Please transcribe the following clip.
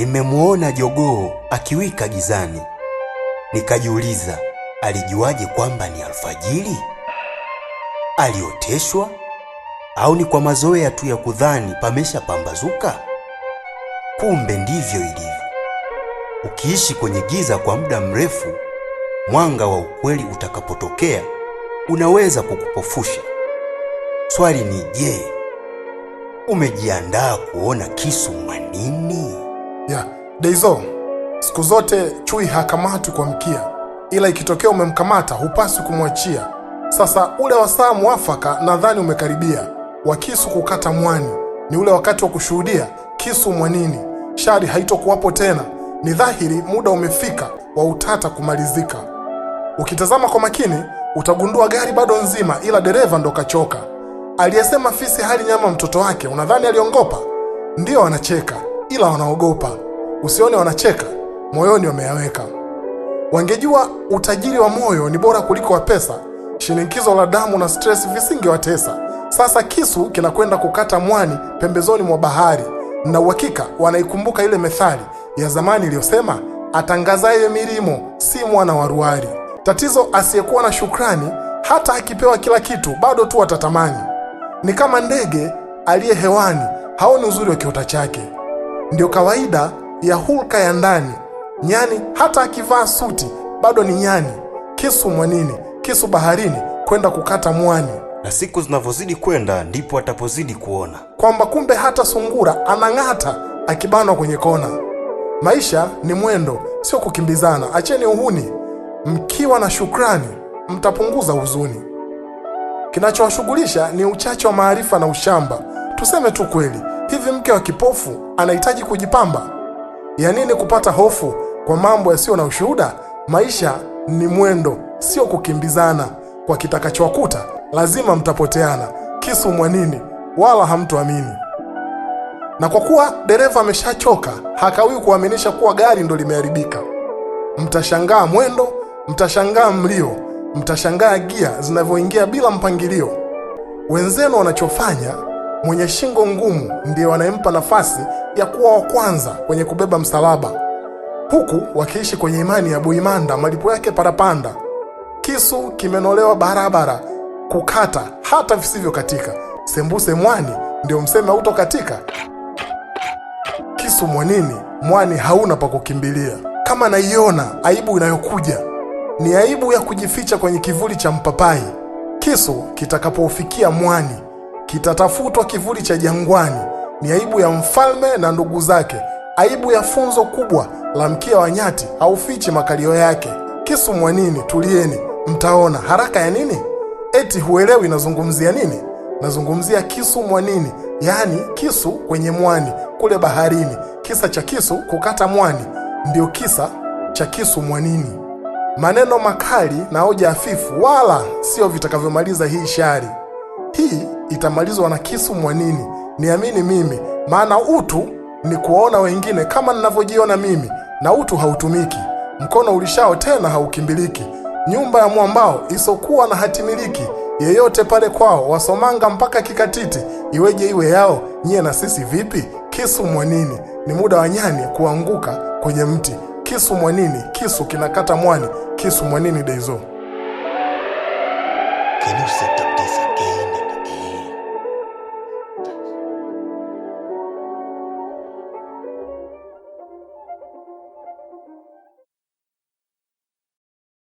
Nimemwona jogoo akiwika gizani, nikajiuliza alijuaje kwamba ni alfajiri? Alioteshwa au ni kwa mazoea tu ya kudhani pamesha pambazuka? Kumbe ndivyo ilivyo. Ukiishi kwenye giza kwa muda mrefu, mwanga wa ukweli utakapotokea unaweza kukupofusha. Swali ni je, umejiandaa kuona kisu mwanini? Yeah. Deizo, siku zote chui hakamatwi kwa mkia, ila ikitokea umemkamata hupaswi kumwachia. Sasa ule wasaa mwafaka nadhani umekaribia, wa kisu kukata mwani. Ni ule wakati wa kushuhudia kisu mwanini, shari haitokuwapo tena. Ni dhahiri muda umefika wa utata kumalizika. Ukitazama kwa makini utagundua gari bado nzima, ila dereva ndo kachoka. Aliyesema fisi hali nyama mtoto wake, unadhani aliongopa? Ndiyo, anacheka ila wanaogopa. Usione wanacheka, moyoni wameyaweka. Wangejua utajiri wa moyo ni bora kuliko wa pesa, shinikizo la damu na stress visingewatesa. Sasa kisu kinakwenda kukata mwani pembezoni mwa bahari, na uhakika wanaikumbuka ile methali ya zamani iliyosema, atangazaye milimo si mwana wa ruari. Tatizo, asiyekuwa na shukrani hata akipewa kila kitu bado tu atatamani. Ni kama ndege aliye hewani haoni uzuri wa kiota chake. Ndio kawaida ya hulka ya ndani. Nyani hata akivaa suti bado ni nyani, kisu mwanini, kisu baharini, kwenda kukata mwani. Na siku zinavyozidi kwenda ndipo atapozidi kuona kwamba kumbe hata sungura anang'ata akibanwa kwenye kona. Maisha ni mwendo, sio kukimbizana. Acheni uhuni, mkiwa na shukrani mtapunguza huzuni. Kinachowashughulisha ni uchache wa maarifa na ushamba. Tuseme tu kweli. Hivi mke wa kipofu anahitaji kujipamba? Ya nini kupata hofu kwa mambo yasiyo na ushuhuda? Maisha ni mwendo, sio kukimbizana. Kwa kitakachowakuta lazima mtapoteana, kisu mwanini, wala hamtuamini. Na kwa kuwa dereva ameshachoka, hakawi kuaminisha kuwa gari ndo limeharibika. Mtashangaa mwendo, mtashangaa mlio, mtashangaa gia zinavyoingia bila mpangilio. Wenzenu wanachofanya Mwenye shingo ngumu ndiye wanayempa nafasi ya kuwa wa kwanza kwenye kubeba msalaba, huku wakiishi kwenye imani ya buimanda, malipo yake parapanda, kisu kimenolewa barabara, kukata hata visivyokatika, sembuse mwani, ndio mseme hautokatika. Kisu mwanini, mwani hauna pa kukimbilia. Kama naiona aibu inayokuja ni aibu ya kujificha kwenye kivuli cha mpapai. Kisu kitakapofikia mwani kitatafutwa kivuli cha jangwani, ni aibu ya mfalme na ndugu zake, aibu ya funzo kubwa la mkia wa nyati haufichi makalio yake. Kisu mwanini, tulieni mtaona. Haraka ya nini? Eti huelewi nazungumzia nini? Nazungumzia kisu mwanini, yaani kisu kwenye mwani kule baharini. Kisa cha kisu kukata mwani ndio kisa cha kisu mwanini. Maneno makali na hoja hafifu wala sio vitakavyomaliza hii shari hii itamalizwa na kisu mwanini. Niamini mimi, maana utu ni kuwaona wengine kama ninavyojiona mimi, na utu hautumiki. Mkono ulishao tena haukimbiliki. Nyumba ya mwambao isokuwa na hatimiliki, yeyote pale kwao wasomanga mpaka kikatiti, iweje iwe yao nyie na sisi vipi? Kisu mwanini, ni muda wa nyani kuanguka kwenye mti. Kisu mwanini, kisu kinakata mwani. Kisu mwanini, Daizo.